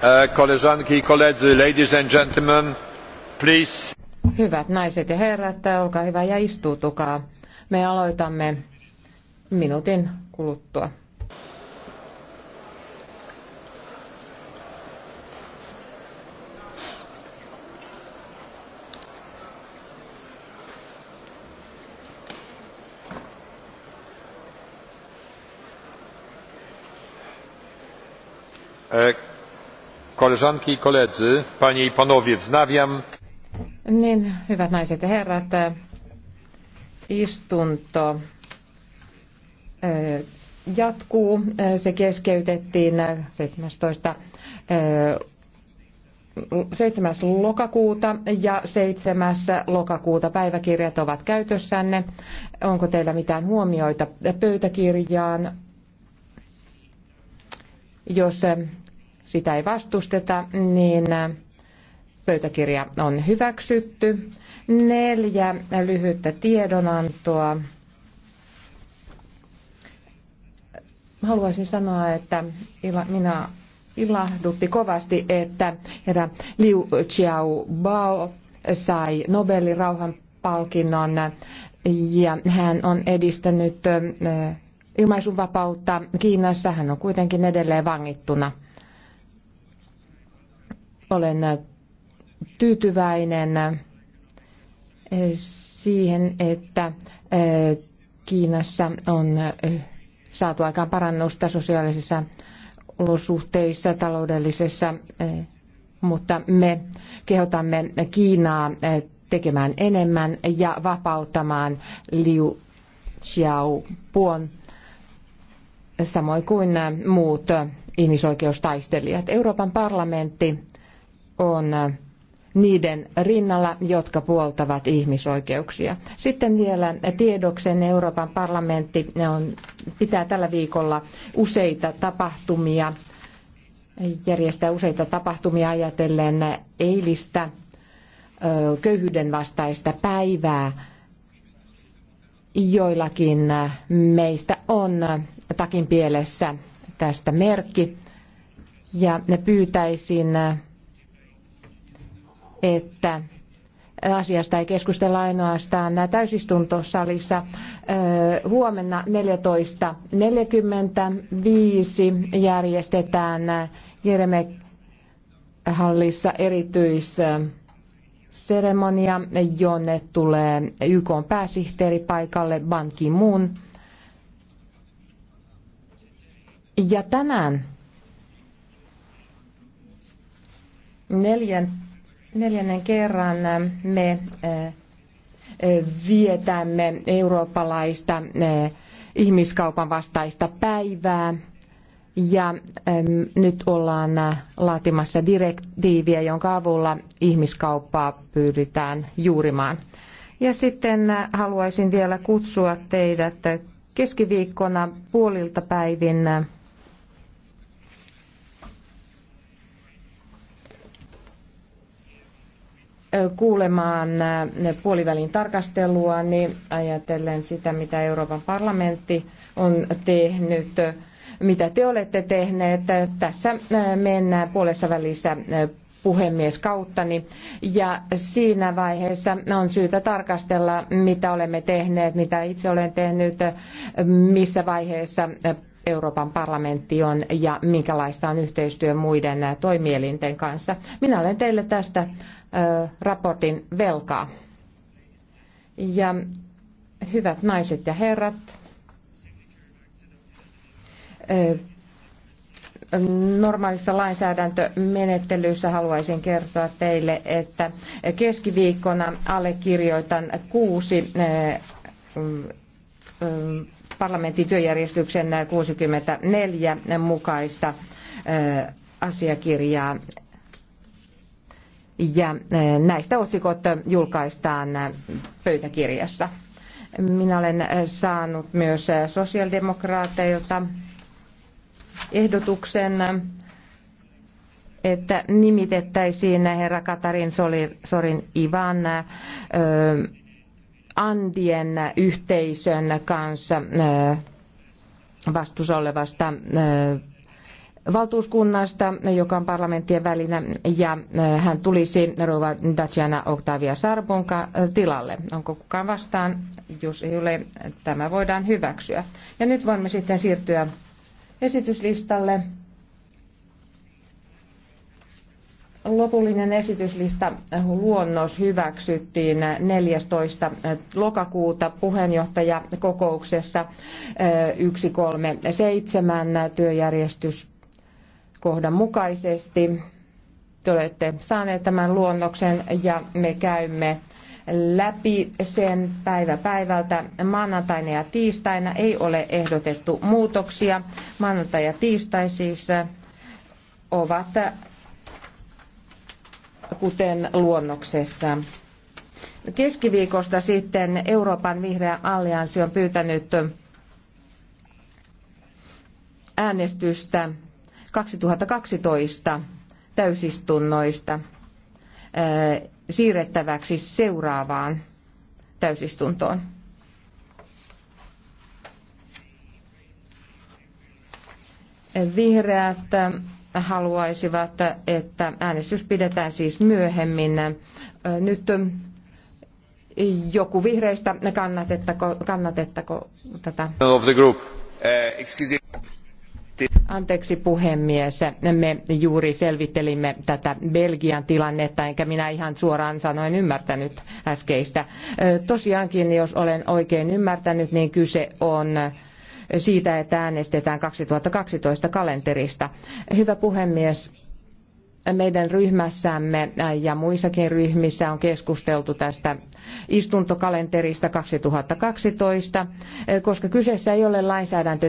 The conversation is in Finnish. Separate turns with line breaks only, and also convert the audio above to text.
Uh, ladies and gentlemen, please. Hyvät naiset ja herrat, olkaa hyvä ja istuutukaa. Me aloitamme minuutin kuluttua. Uh, niin, hyvät naiset ja herrat, e, istunto e, jatkuu. E, se keskeytettiin 17. 7. lokakuuta ja 7. lokakuuta päiväkirjat ovat käytössänne. Onko teillä mitään huomioita pöytäkirjaan? Jos sitä ei vastusteta, niin äh, pöytäkirja on hyväksytty. Neljä lyhyttä tiedonantoa. Haluaisin sanoa, että ila, minä ilahdutti kovasti, että herra Liu Chiao Bao sai Nobelin rauhanpalkinnon ja hän on edistänyt äh, ilmaisunvapautta Kiinassa. Hän on kuitenkin edelleen vangittuna. Olen tyytyväinen siihen, että Kiinassa on saatu aikaan parannusta sosiaalisissa olosuhteissa, taloudellisessa, mutta me kehotamme Kiinaa tekemään enemmän ja vapauttamaan Liu Xiaopuon, samoin kuin muut ihmisoikeustaistelijat. Euroopan parlamentti on äh, niiden rinnalla, jotka puoltavat ihmisoikeuksia. Sitten vielä tiedoksen Euroopan parlamentti on, pitää tällä viikolla useita tapahtumia, järjestää useita tapahtumia ajatellen eilistä köyhyyden vastaista päivää. Joillakin meistä on takin pielessä tästä merkki ja pyytäisin että asiasta ei keskustella ainoastaan täysistuntosalissa huomenna 14.45 järjestetään Jereme hallissa erityisseremonia, jonne tulee YK pääsihteeri paikalle Ban Ki-moon. Ja tänään neljän Neljännen kerran äh, me äh, äh, vietämme eurooppalaista ihmiskaupan vastaista päivää. Ja nyt ollaan laatimassa direktiiviä, jonka avulla ihmiskauppaa pyritään juurimaan. Ja sitten haluaisin vielä kutsua teidät keskiviikkona puolilta päivin kuulemaan puolivälin tarkastelua, niin ajatellen sitä, mitä Euroopan parlamentti on tehnyt, mitä te olette tehneet. Tässä mennään puolessa välissä puhemies kauttani. Ja siinä vaiheessa on syytä tarkastella, mitä olemme tehneet, mitä itse olen tehnyt, missä vaiheessa Euroopan parlamentti on ja minkälaista on yhteistyö muiden äh, toimielinten kanssa. Minä olen teille tästä äh, raportin velkaa. Ja hyvät naiset ja herrat, äh, normaalissa lainsäädäntömenettelyssä haluaisin kertoa teille, että keskiviikkona allekirjoitan kuusi parlamentin työjärjestyksen 64 mukaista asiakirjaa. Ja näistä otsikot julkaistaan pöytäkirjassa. Minä olen saanut myös sosiaalidemokraateilta ehdotuksen, että nimitettäisiin herra Katarin Sorin Ivan Andien yhteisön kanssa äh, vastuussa olevasta äh, valtuuskunnasta, joka on parlamenttien välinä, ja äh, hän tulisi rouva Daciana Octavia Sarpon tilalle. Onko kukaan vastaan? Jos ei ole, tämä voidaan hyväksyä. Ja nyt voimme sitten siirtyä esityslistalle. lopullinen esityslista äh, luonnos hyväksyttiin 14. Äh, äh, lokakuuta puheenjohtajakokouksessa 137 työjärjestyskohdan mukaisesti. Te olette saaneet tämän luonnoksen ja me käymme läpi sen päivä päivältä. Maanantaina ja tiistaina ei ole ehdotettu muutoksia. Maanantai ja tiistai siis ovat kuten luonnoksessa. Keskiviikosta sitten Euroopan vihreä allianssi on pyytänyt äänestystä 2012 täysistunnoista äh, siirrettäväksi seuraavaan täysistuntoon. Vihreät haluaisivat, että äänestys pidetään siis myöhemmin. Nyt joku vihreistä kannatettako, kannatettako tätä? Of the group. Eh, Anteeksi puhemies, me juuri selvittelimme tätä Belgian tilannetta, enkä minä ihan suoraan sanoen ymmärtänyt äskeistä. Tosiaankin, jos olen oikein ymmärtänyt, niin kyse on siitä, että äänestetään 2012 kalenterista. Hyvä puhemies, meidän ryhmässämme ja muissakin ryhmissä on keskusteltu tästä istuntokalenterista 2012, koska kyseessä ei ole lainsäädäntö